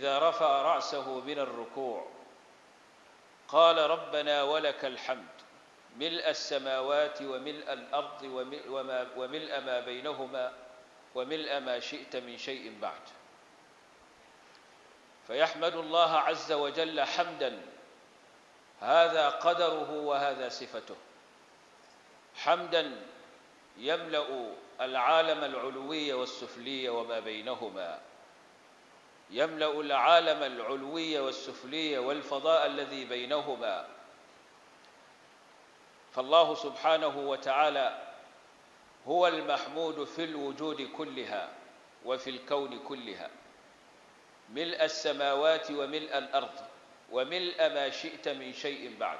إذا رفع رأسه من الركوع قال ربنا ولك الحمد ملء السماوات وملء الأرض وملء ما بينهما وملء ما شئت من شيء بعد فيحمد الله عز وجل حمدا هذا قدره وهذا صفته حمدا يملأ العالم العلوي والسفلي وما بينهما يملا العالم العلوي والسفلي والفضاء الذي بينهما فالله سبحانه وتعالى هو المحمود في الوجود كلها وفي الكون كلها ملء السماوات وملء الارض وملء ما شئت من شيء بعد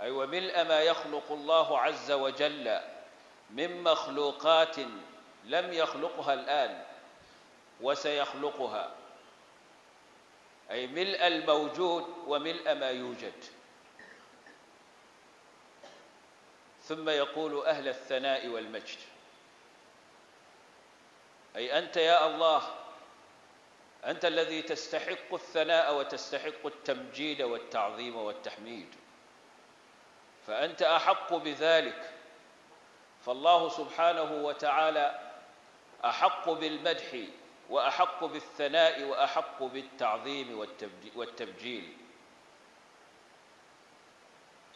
اي وملء ما يخلق الله عز وجل من مخلوقات لم يخلقها الان وسيخلقها أي ملء الموجود وملء ما يوجد ثم يقول أهل الثناء والمجد أي أنت يا الله أنت الذي تستحق الثناء وتستحق التمجيد والتعظيم والتحميد فأنت أحق بذلك فالله سبحانه وتعالى أحق بالمدح واحق بالثناء واحق بالتعظيم والتبجيل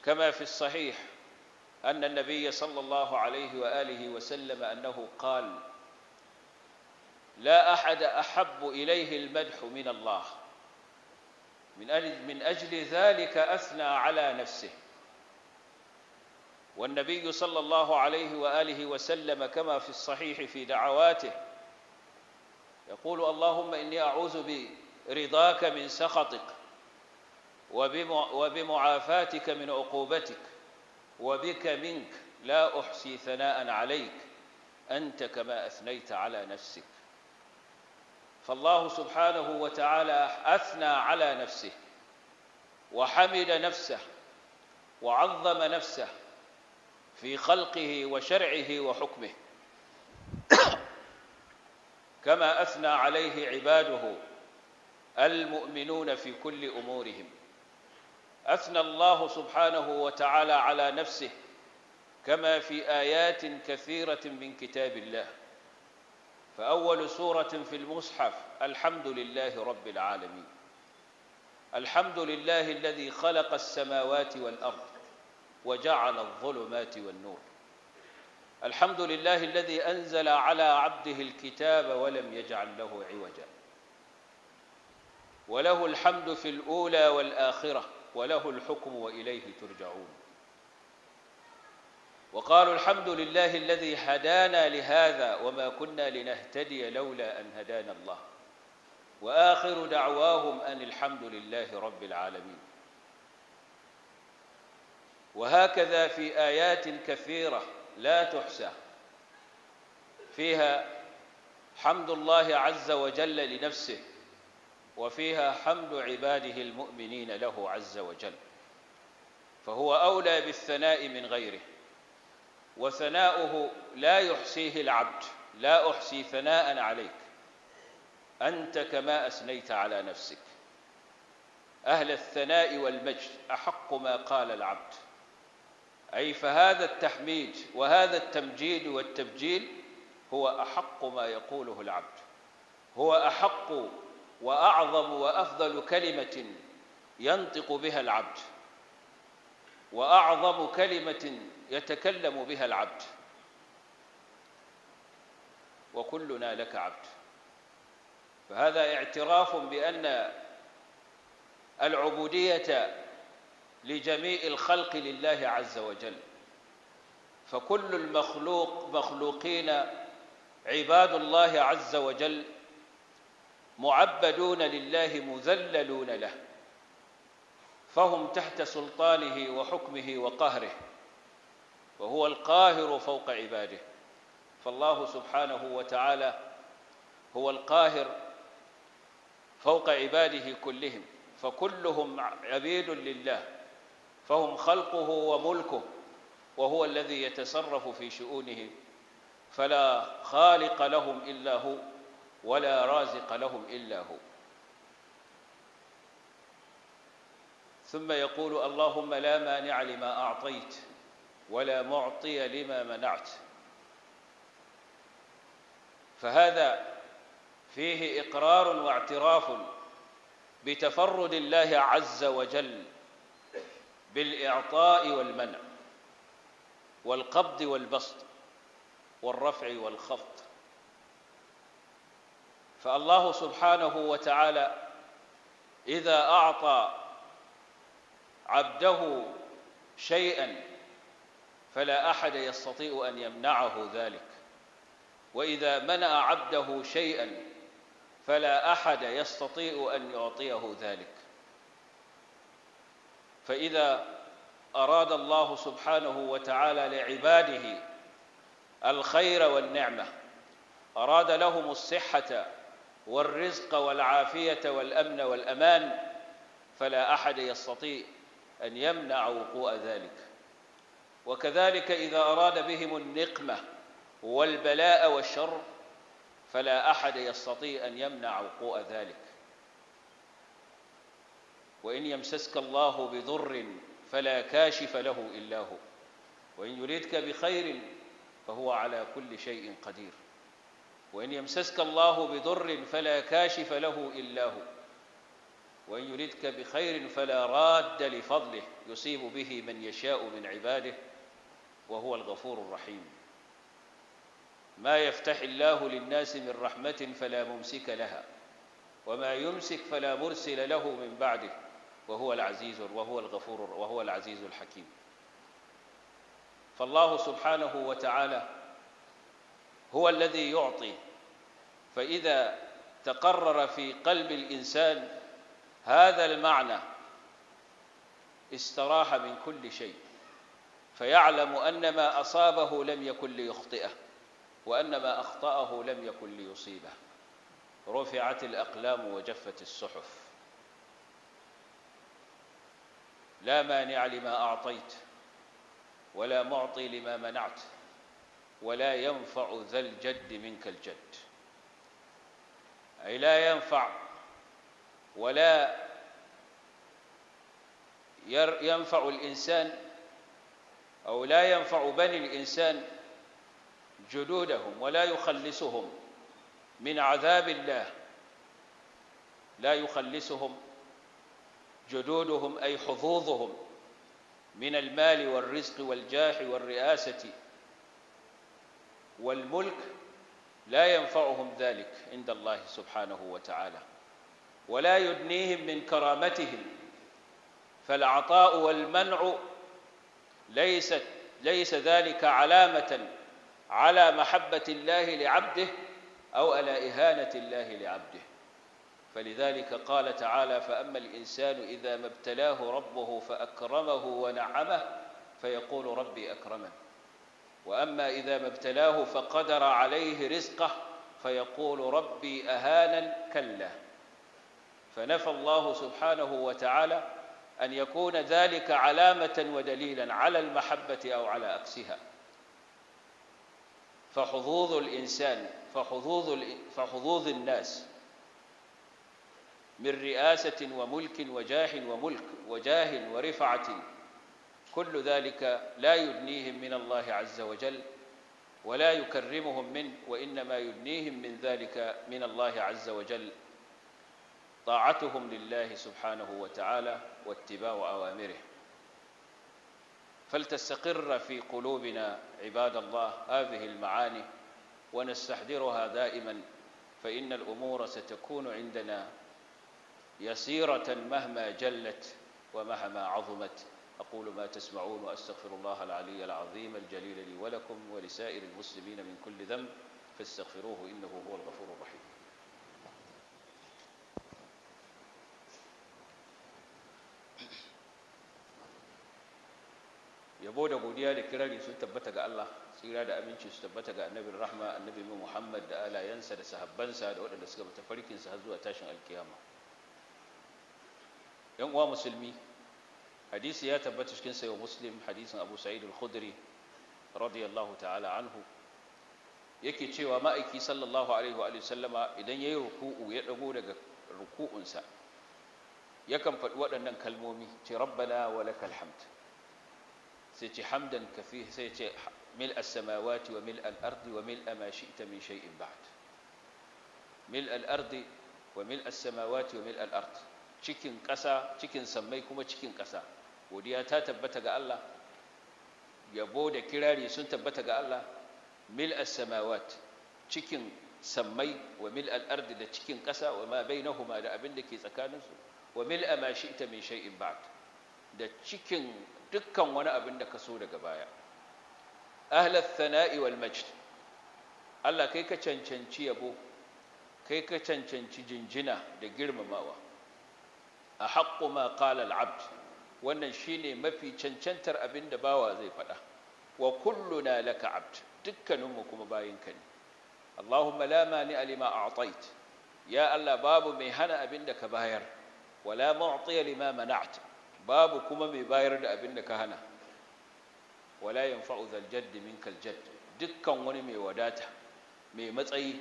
كما في الصحيح ان النبي صلى الله عليه واله وسلم انه قال لا احد احب اليه المدح من الله من اجل من اجل ذلك اثنى على نفسه والنبي صلى الله عليه واله وسلم كما في الصحيح في دعواته يقول اللهم إني أعوذ برضاك من سخطك وبمعافاتك من عقوبتك وبك منك لا أحصي ثناء عليك أنت كما أثنيت على نفسك فالله سبحانه وتعالى أثنى على نفسه وحمد نفسه وعظم نفسه في خلقه وشرعه وحكمه كما اثنى عليه عباده المؤمنون في كل امورهم اثنى الله سبحانه وتعالى على نفسه كما في ايات كثيره من كتاب الله فاول سوره في المصحف الحمد لله رب العالمين الحمد لله الذي خلق السماوات والارض وجعل الظلمات والنور الحمد لله الذي أنزل على عبده الكتاب ولم يجعل له عوجا وله الحمد في الأولى والآخرة وله الحكم وإليه ترجعون وقالوا الحمد لله الذي هدانا لهذا وما كنا لنهتدي لولا أن هدانا الله وآخر دعواهم أن الحمد لله رب العالمين وهكذا في آيات كثيرة لا تحصى فيها حمد الله عز وجل لنفسه وفيها حمد عباده المؤمنين له عز وجل فهو اولى بالثناء من غيره وثناؤه لا يحصيه العبد لا احصي ثناء عليك انت كما اثنيت على نفسك اهل الثناء والمجد احق ما قال العبد أي فهذا التحميد وهذا التمجيد والتبجيل هو أحق ما يقوله العبد هو أحق وأعظم وأفضل كلمة ينطق بها العبد وأعظم كلمة يتكلم بها العبد وكلنا لك عبد فهذا اعتراف بأن العبودية لجميع الخلق لله عز وجل فكل المخلوق مخلوقين عباد الله عز وجل معبدون لله مذللون له فهم تحت سلطانه وحكمه وقهره وهو القاهر فوق عباده فالله سبحانه وتعالى هو القاهر فوق عباده كلهم فكلهم عبيد لله فهم خلقه وملكه وهو الذي يتصرف في شؤونه فلا خالق لهم الا هو ولا رازق لهم الا هو ثم يقول اللهم لا مانع لما اعطيت ولا معطي لما منعت فهذا فيه اقرار واعتراف بتفرد الله عز وجل بالإعطاء والمنع والقبض والبسط والرفع والخفض فالله سبحانه وتعالى إذا أعطى عبده شيئا فلا أحد يستطيع أن يمنعه ذلك وإذا منع عبده شيئا فلا أحد يستطيع أن يعطيه ذلك فإذا أراد الله سبحانه وتعالى لعباده الخير والنعمة أراد لهم الصحة والرزق والعافية والأمن والأمان فلا أحد يستطيع أن يمنع وقوع ذلك وكذلك إذا أراد بهم النقمة والبلاء والشر فلا أحد يستطيع أن يمنع وقوع ذلك وإن يمسسك الله بضر فلا كاشف له إلا هو وإن يريدك بخير فهو على كل شيء قدير وإن يمسسك الله بضر فلا كاشف له إلا هو وإن يريدك بخير فلا راد لفضله يصيب به من يشاء من عباده وهو الغفور الرحيم ما يفتح الله للناس من رحمة فلا ممسك لها وما يمسك فلا مرسل له من بعده وهو العزيز وهو الغفور وهو العزيز الحكيم فالله سبحانه وتعالى هو الذي يعطي فإذا تقرر في قلب الإنسان هذا المعنى استراح من كل شيء فيعلم أن ما أصابه لم يكن ليخطئه وأن ما أخطأه لم يكن ليصيبه رفعت الأقلام وجفت الصحف لا مانع لما أعطيت ولا معطي لما منعت ولا ينفع ذا الجد منك الجد أي لا ينفع ولا ينفع الإنسان أو لا ينفع بني الإنسان جلودهم ولا يخلصهم من عذاب الله لا يخلصهم جدودهم أي حظوظهم من المال والرزق والجاح والرئاسة والملك لا ينفعهم ذلك عند الله سبحانه وتعالى ولا يدنيهم من كرامتهم فالعطاء والمنع ليست ليس ذلك علامة على محبة الله لعبده أو على إهانة الله لعبده فلذلك قال تعالى فأما الإنسان إذا ما ابتلاه ربه فأكرمه ونعمه فيقول ربي أكرمن وأما إذا ما ابتلاه فقدر عليه رزقه فيقول ربي أهانا كلا فنفى الله سبحانه وتعالى أن يكون ذلك علامة ودليلا على المحبة أو على أكسها فحظوظ الإنسان فحظوظ, فحظوظ الناس من رئاسة وملك وجاه وملك وجاه ورفعة كل ذلك لا يدنيهم من الله عز وجل ولا يكرمهم منه وإنما يدنيهم من ذلك من الله عز وجل طاعتهم لله سبحانه وتعالى واتباع أوامره فلتستقر في قلوبنا عباد الله هذه المعاني ونستحضرها دائما فإن الأمور ستكون عندنا يسيرة مهما جلت ومهما عظمت أقول ما تسمعون وأستغفر الله العلي العظيم الجليل لي ولكم ولسائر المسلمين من كل ذنب فاستغفروه إنه هو الغفور الرحيم يبود أبو ديالي كراني سنتبتك الله سيرا دا أمينش سنتبتك النبي الرحمة النبي محمد دا لا ينسى دا سهبان سهد ودا دا سكبت فريكين سهزوا تاشن الكيامة yan uwa musulmi hadisi ya tabbata cikin sayo muslim hadisin abu sa'id al-khudri radiyallahu ta'ala anhu yake cewa ma'aiki sallallahu alaihi wa sallama idan yayi ruku'u ya dago daga ruku'un ruku'unsa yakan fadi waɗannan kalmomi ce rabbana wa lakal hamd sai ce hamdan kafi sai ce mil as-samawati wa mil al-ardi wa mil ma shi'ta min shay'in ba'd mil al-ardi wa mil as-samawati wa mil al-ardi cikin ƙasa cikin sammai kuma cikin ƙasa godiya ta tabbata ga Allah yabo da kirari sun tabbata ga Allah mil as-samawat cikin sammai wa mil al-ard da cikin ƙasa wa ma bainahuma da abin da ke tsakaninsu wa mil ma shi'ta min shay'in ba'd da cikin dukkan wani abin da ka so daga baya ahlat thana'i wal majd Allah kai ka cancanci yabo kai ka cancanci jinjina da girmamawa a haƙƙu ma ƙalal abd wannan shine mafi cancantar abin da bawa zai faɗa wa kulluna laka abd dukkaninmu kuma bayinka ne allahumma la mani alima a'tait ya allah babu mai hana abin da ka bayar wala mu'tiya lima mana'ta babu kuma mai bayar da abin da ka hana wala yanfa'u zal jadd minkal jadd dukkan wani mai wadata mai matsayi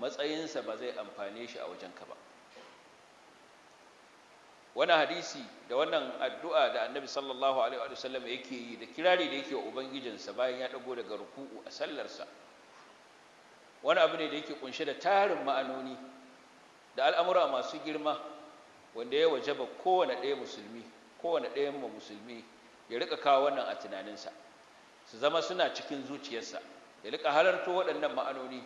matsayinsa ba zai amfane shi a wajenka ba wani hadisi da wannan addu'a da annabi sallallahu alaihi wa sallam yake yi da kirari da yake wa ubangijinsa bayan ya dago daga ruku'u a sallarsa wani abu ne da yake kunshe da tarin ma'anoni da al'amura masu girma wanda ya waje ba kowane ɗaya musulmi kowane ɗaya ma musulmi ya rika kawo wannan a tunaninsa su zama suna cikin zuciyarsa ya rika halarto waɗannan ma'anoni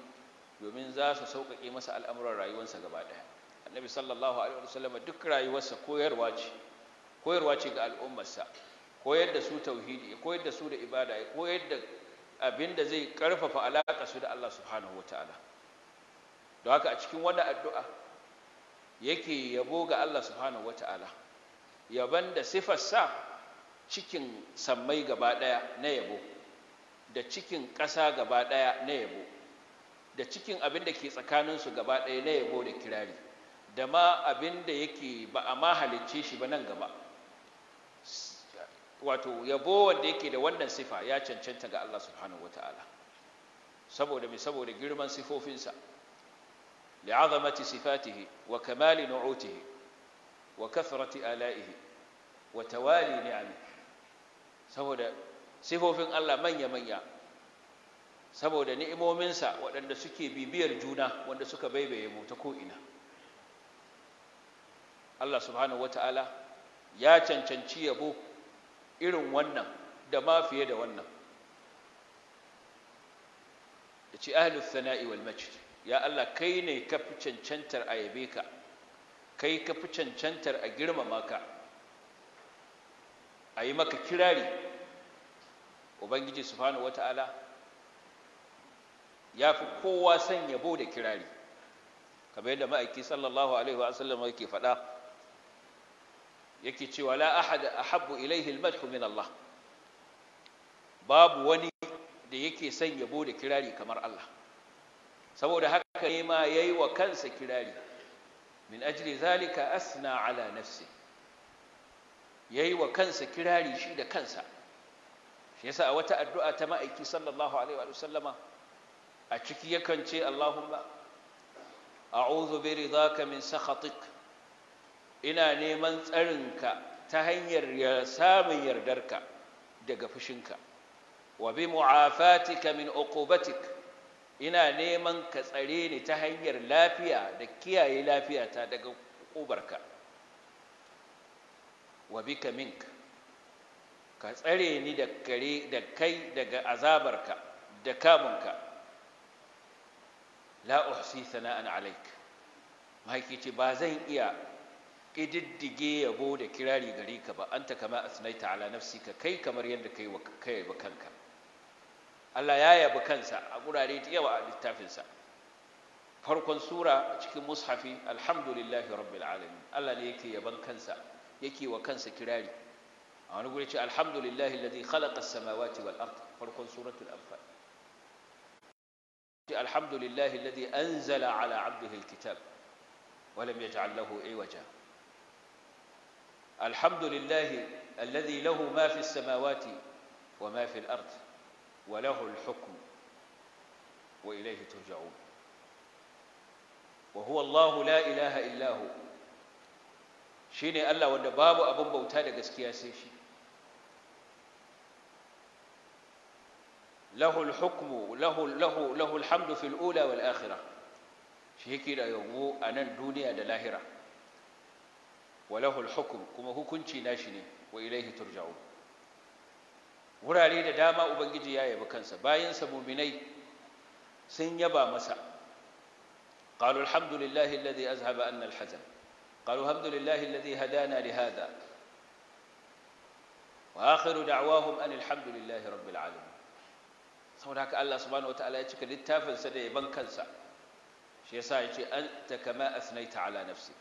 domin za su sauƙaƙe masa al'amuran rayuwarsa gaba annabi sallallahu alaihi wasallam duk rayuwarsa koyarwa ce koyarwa ce ga al'ummarsa koyar da su tauhidi koyar da su da ibada ya koyar da abin da zai karfafa alaƙa su da Allah subhanahu wataala don haka a cikin wannan addu'a yake yabo ga Allah subhanahu wataala yaban da sifarsa cikin sammai gaba ɗaya na yabo da cikin ƙasa gaba ɗaya na yabo da cikin abin da ke tsakaninsu gaba ɗaya na yabo da kirari da ma abin da yake ba a ma halicce shi ba nan gaba wato yabo wanda yake da wannan sifa ya cancanta ga Allah subhanahu wataala saboda mai saboda girman sifofinsa li'azamati sifatihi wa kamali nu'utihi wa kathrati ala'ihi wa tawali ni'ami saboda sifofin Allah manya manya saboda ni'imominsa waɗanda suke bibiyar juna wanda suka baibaye mu ta ko'ina Allah subhanahu wata'ala ya cancanci yabo irin wannan da ma fiye da wannan ya ce ahlus sana'i wal majid ya Allah kai ne ka fi cancantar a yabe ka kai ka fi cancantar a girmama ka a yi maka kirari ubangiji subhanahu wata'ala ya fi kowa son yabo da kirari kamar yadda ma'aiki sallallahu alaihi wa sallam yake faɗa yake cewa la ahad ahabbu ilayhi almadhu min Allah babu wani da yake son yabo da kirari kamar Allah saboda haka ne ma yayi wa kansa kirari min ajli zalika asna ala nafsi yayi wa kansa kirari shi da kansa shi yasa a wata addu'a ta ma'aiki sallallahu alaihi wa sallama a ciki yakan ce Allahumma a'udhu bi ridaka min sakhatik ina neman tsarinka ta hanyar samun yardarka daga fushinka wa bi mu'afatika min uqubatik ina neman ka tsare ni ta hanyar lafiya da kiyaye lafiyata daga ubarka wa bika ka tsare ni da kare da kai daga azabarka da kamunka la uhsi sana'an alaik mahaikici ba zan iya ƙididdige yabo da kirari gare ka ba an anta kama asnaita ala ka kai kamar yadda kai wa kanka Allah ya yabi kansa a gurare ta yawa a littafinsa farkon sura a cikin mushafi alhamdulillahi rabbil alamin Allah ne yake yaban kansa yake wa kansa kirari a wani guri ce alhamdulillahi alladhi khalaqa as-samawati wal ard farkon suratul anfal alhamdulillahi alladhi anzala ala abdihi al-kitab ولم يجعل له عوجا الحمد لله الذي له ما في السماوات وما في الأرض وله الحكم وإليه ترجعون وهو الله لا إله إلا هو شيني الله وانا بابو أبن بوتا سيشي له الحكم له له له الحمد في الأولى والآخرة شيكي لا يغو أنا الدنيا دلاهره وله الحكم كما كنتي ناشني وإليه ترجعون وراليد داما أبنجي يا يبقى كنسا باين سمميني سنيبا مسا قالوا الحمد لله الذي أذهب أن الحزن قالوا الحمد لله الذي هدانا لهذا وآخر دعواهم أن الحمد لله رب العالمين هناك الله سبحانه وتعالى يتكلم للتافل سدي بنكنسا شيء سايتي أنت كما أثنيت على نفسك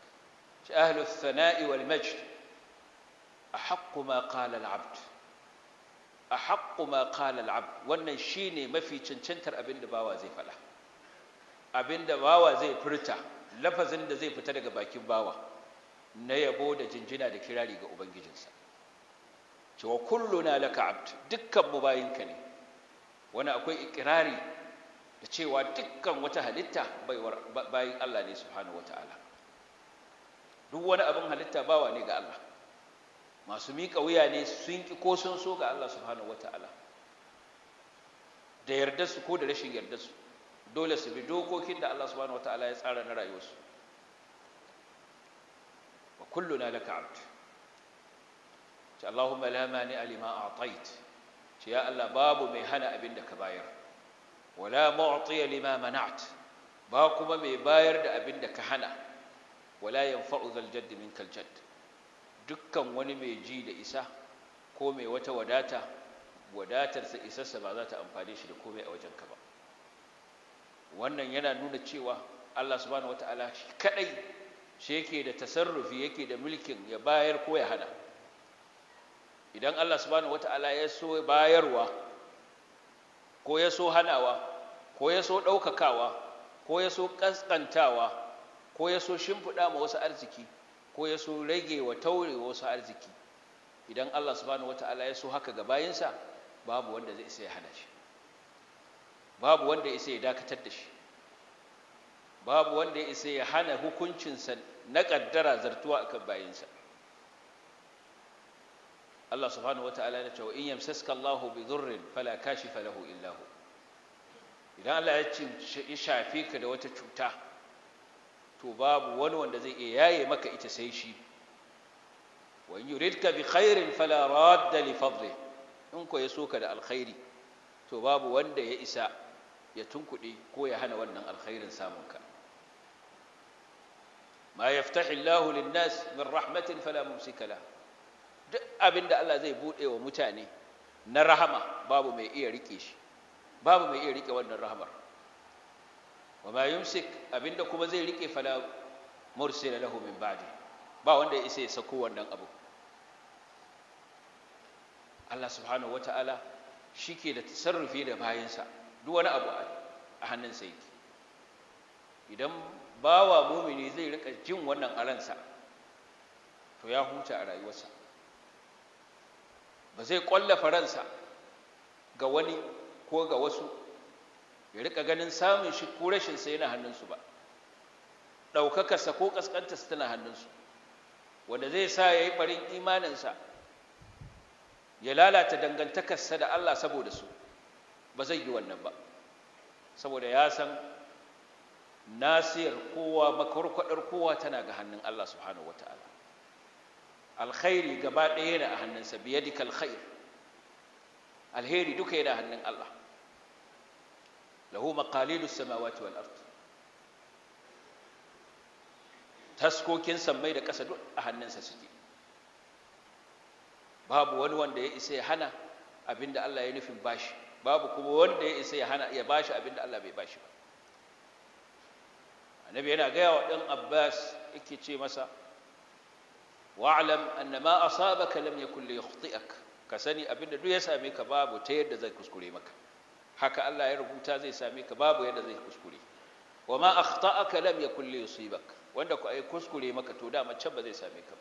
أهل الثناء والمجد أحق ما قال العبد أحق ما قال العبد wannan shine mafi cancantar abin da bawa zai fada abin da bawa zai furta lafazin da zai fita daga bakin bawa na yabo da jinjina da kirari ga ubangijinsa cewa kulluna laka abd dukkan mu bayinka ne wani akwai ikirari da cewa dukkan wata halitta baiwar bayin Allah ne subhanahu wataala duk wani abin halitta bawa ne ga Allah masu miƙa wuya ne sun ki ko sun so ga Allah subhanahu wata'ala da yarda su ko da rashin yarda su dole su bi dokokin da Allah subhanahu wata'ala ya tsara na rayuwarsu wa kulluna laka abd ce Allahumma la mani alima a'tait ce ya Allah babu mai hana abin da ka bayar wala mu'ti lima mana'at ba kuma mai bayar da abin da ka hana wala yanfa'u zal jadd minkal dukkan wani mai ji da isa ko mai wata wadata wadatarsa isarsa ba za ta amfani shi da komai a wajenka ba wannan yana nuna cewa Allah subhanahu ala shi kadai shi yake da tasarrufi yake da mulkin ya bayar ko ya hana idan Allah subhanahu ala ya so bayarwa ko ya so hanawa ko ya so ɗaukakawa ko ya so ƙasƙantawa ko ya so shimfiɗa ma wasu arziki ko ya so rage wa taure wasu arziki idan Allah subhanahu wata'ala ya so haka ga bayinsa babu wanda zai isa ya hana shi babu wanda ya isa ya dakatar da shi babu wanda ya isa ya hana hukuncinsa na ƙaddara zartuwa akan bayinsa Allah subhanahu wata'ala ya ce wa in yamsaska Allahu bi dhurrin fala kashifa lahu illa hu idan Allah ya shafi ka da wata cuta to babu wani wanda zai iya yaye maka ita sai shi wa in yuridka bi khairin fala radda li fadli in ko ya ka da alkhairi to babu wanda ya isa ya tunkuɗe ko ya hana wannan alkhairin ka. ma yaftahi Allahu lin-nas min rahmatin fala mumsika la duk abinda Allah zai bude wa mutane na rahama babu mai iya rike shi babu mai iya rike wannan rahamar wa ma yumsik abinda kuma zai rike fala mursila lahu min ba'di ba wanda ya isa ya sako wannan abu Allah subhanahu wata'ala shike da tasarrufi da bayansa duk wani abu a hannunsa yake idan bawa mumini zai rika jin wannan aransa to ya huta a rayuwarsa ba zai kwalla ransa ga wani ko ga wasu ya rika ganin samun shi ko rashin sa yana hannunsu ba ɗaukakarsa ko su tana hannunsu wanda zai sa ya yi ɓarin imaninsa ya lalata dangantakarsa da Allah saboda su ba zai yi wannan ba saboda ya san nasiyar kowa makarkwaɗar kowa tana ga hannun Allah subhanahu wata'ala alkhairi gaba ɗaya yana a hannunsa biyadika alkhair alheri duka yana hannun Allah lahu maqalidu samawati wal ard taskokin sammai da ƙasa duk a hannunsa suke babu wani wanda ya isa ya hana abinda Allah ya nufin bashi babu kuma wanda ya isa ya hana ya bashi abinda Allah bai bashi ba annabi yana gaya wa ɗan abbas yake ce masa wa'alam anna ma asabaka lam yakun li yakhti'ak ka sani abinda duk ya same ka babu ta yadda zai kuskure maka haka Allah ya rubuta zai same ka babu yadda zai kuskure wa akhta'aka lam yakul li yusibak wanda ku ai kuskure maka to da can ba zai same ka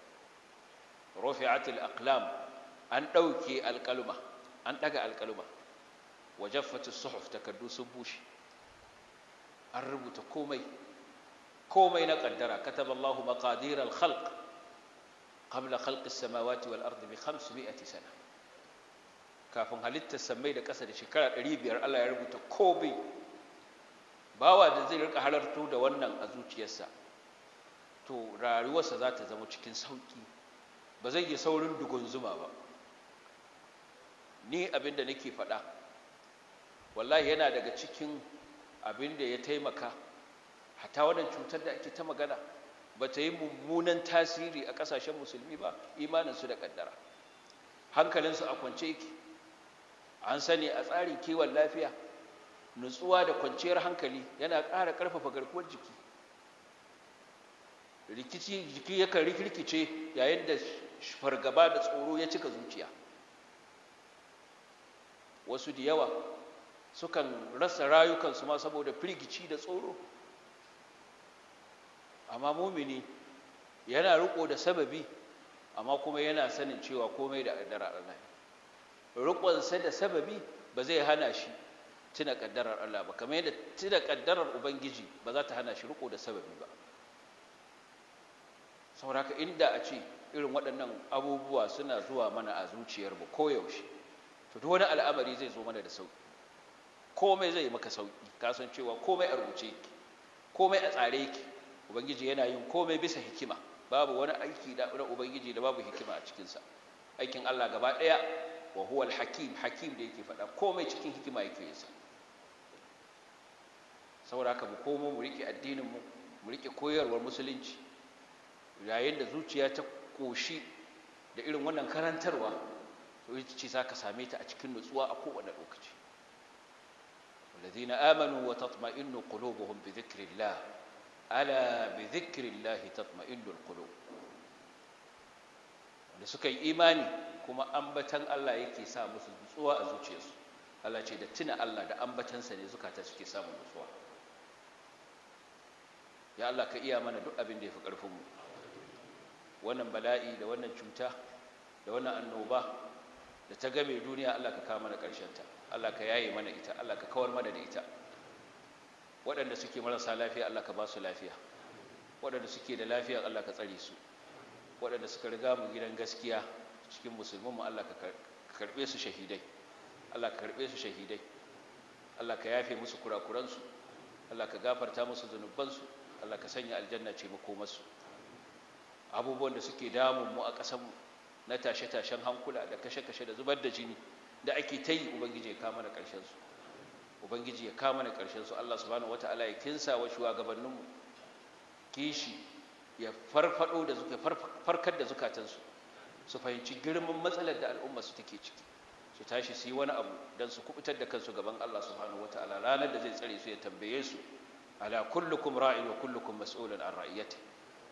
rufi'atil aqlam an dauke alqalma an daga alqalma wajaffat jaffatis suhuf takaddu sun bushe an rubuta komai komai na kaddara kataballahu maqadir al-khalq qabla khalq khalqis samawati wal ardi bi 500 sana kafin halittar samai da ƙasa da shekara 500 Allah ya rubuta ba bawa da zai rika halarto da wannan a zuciyarsa to rayuwarsa za ta zama cikin sauƙi ba zai yi saurin zuma ba ni abin da nake faɗa wallahi yana daga cikin abin da ya taimaka hata wannan cutar da ake ta magana ba ta yi mummunan tasiri a ƙasashen musulmi ba imaninsu da ƙaddara hankalinsu a kwance yake an sani a tsarin kiwon lafiya nutsuwa da kwanciyar hankali yana ƙara ƙarfafa garkuwar jiki rikici jiki yakan rikirkice yayin da fargaba da tsoro ya cika zuciya wasu da yawa sukan rasa rayukansu ma saboda firgici da tsoro amma mumini yana riko da sababi amma kuma yana sanin cewa komai da addara Allah rukunsa da sababi ba zai hana shi tuna kaddarar Allah ba kamar yadda tuna kaddarar ubangiji ba za ta hana shi ruko da sababi ba sauraka inda a ce irin waɗannan abubuwa suna zuwa mana a zuciyar ko koyaushe to duk wani al'amari zai zo mana da sauki komai zai maka sauki kasancewa komai a rubuce ki komai a tsare ki ubangiji yana yin komai bisa hikima babu wani aiki da ubangiji da babu hikima a cikinsa aikin Allah gaba ɗaya وهو الحكيم حكيم ده يكفر كومي تشكين هكما يكيزا سورا كم كومو مريك الدين مريك كوير والمسلينج لا يند زوتي أتكوشي ده إلهم وانا كران تروى ويجي تشيزا كساميتا أتكين نسوا أكو وانا الوكتي والذين آمنوا وتطمئن قلوبهم بذكر الله ألا بذكر الله تطمئن القلوب Da suka yi imani kuma ambatan Allah yake sa musu nutsuwa a zuciyarsu Allah ce da tuna Allah da ambatansa ne zukata suke samun nutsuwa ya Allah ka iya mana duk abin da ya fi ƙarfinmu wannan bala'i da wannan cuta da wannan annoba da ta game duniya Allah ka kawo mana ta. Allah ka yaye mana ita Allah ka kawar mana da ita waɗanda suke marasa lafiya Allah ka ba su lafiya waɗanda suke da lafiya Allah ka tsare su waɗanda suka riga mu gidan gaskiya cikin musulmanmu Allah ka karɓe su shahidai Allah ka karɓe su shahidai Allah ka yafe musu kurakuransu Allah ka gafarta musu zunubansu Allah ka sanya aljanna ce makomarsu abubuwan da suke damun mu a ƙasarmu na tashe-tashen hankula da kashe-kashe da zubar da jini da ake ta yi ubangiji ya kama na ƙarshensu ubangiji ya kama na ƙarshensu Allah subhanahu wata'ala ya kinsa wa shugabanninmu kishi ya farfado da zuka farkar da zukatansu su fahimci girman matsalar da al'umma su take ciki su tashi su yi wani abu don su kubutar da kansu gaban Allah subhanahu Ta'ala. ranar da zai tsare su ya tambaye su ala kullukum ra'in wa kullukum mas'ulun an ra'iyati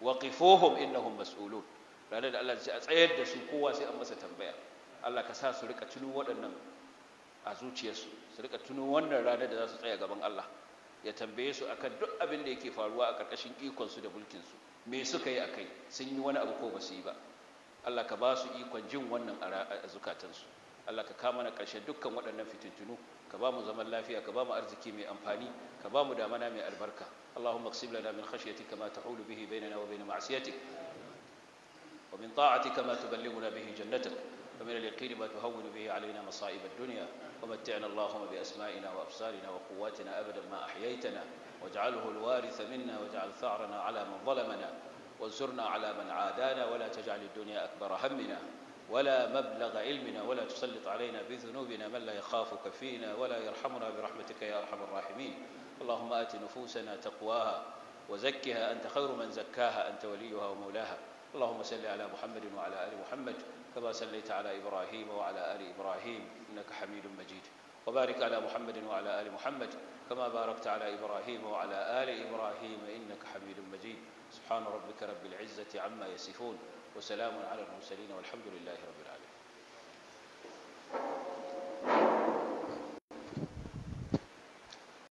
waqifuhum innahum mas'ulun ranar da Allah zai tsayar da su kowa sai an masa tambaya Allah ka sa su rika tuno waɗannan a zuciyarsu su rika tuno wannan ranar da za su tsaya gaban Allah ya tambaye su akan duk abin da yake faruwa a ƙarƙashin ikonsu da mulkinsu su me suka yi a kai? sun yi wani abu ko ba su yi ba Allah ka ba su ikon jin wannan a zukatansu Allah ka kama na ƙarshe dukkan waɗannan fitintunu ka ba mu zaman lafiya ka ba mu arziki mai amfani ka ba mu damana mai albarka Allahumma qsim lana min khashyatika ma tahulu bihi bainana wa bain ma'siyatik wa ta ta'atika ma tuballighuna bihi jannatak ومن اليقين ما تهون به علينا مصائب الدنيا ومتعنا اللهم بأسمائنا وأبصارنا وقواتنا أبدا ما أحييتنا واجعله الوارث منا واجعل ثأرنا على من ظلمنا وانصرنا على من عادانا ولا تجعل الدنيا أكبر همنا ولا مبلغ علمنا ولا تسلط علينا بذنوبنا من لا يخافك فينا ولا يرحمنا برحمتك يا أرحم الراحمين اللهم آت نفوسنا تقواها وزكها أنت خير من زكاها أنت وليها ومولاها اللهم صل على محمد وعلى آل محمد كما صليت على إبراهيم وعلى آل إبراهيم إنك حميد مجيد وبارك على محمد وعلى آل محمد كما باركت على إبراهيم وعلى آل إبراهيم إنك حميد مجيد سبحان ربك رب العزة عما يصفون وسلام على المرسلين والحمد لله رب العالمين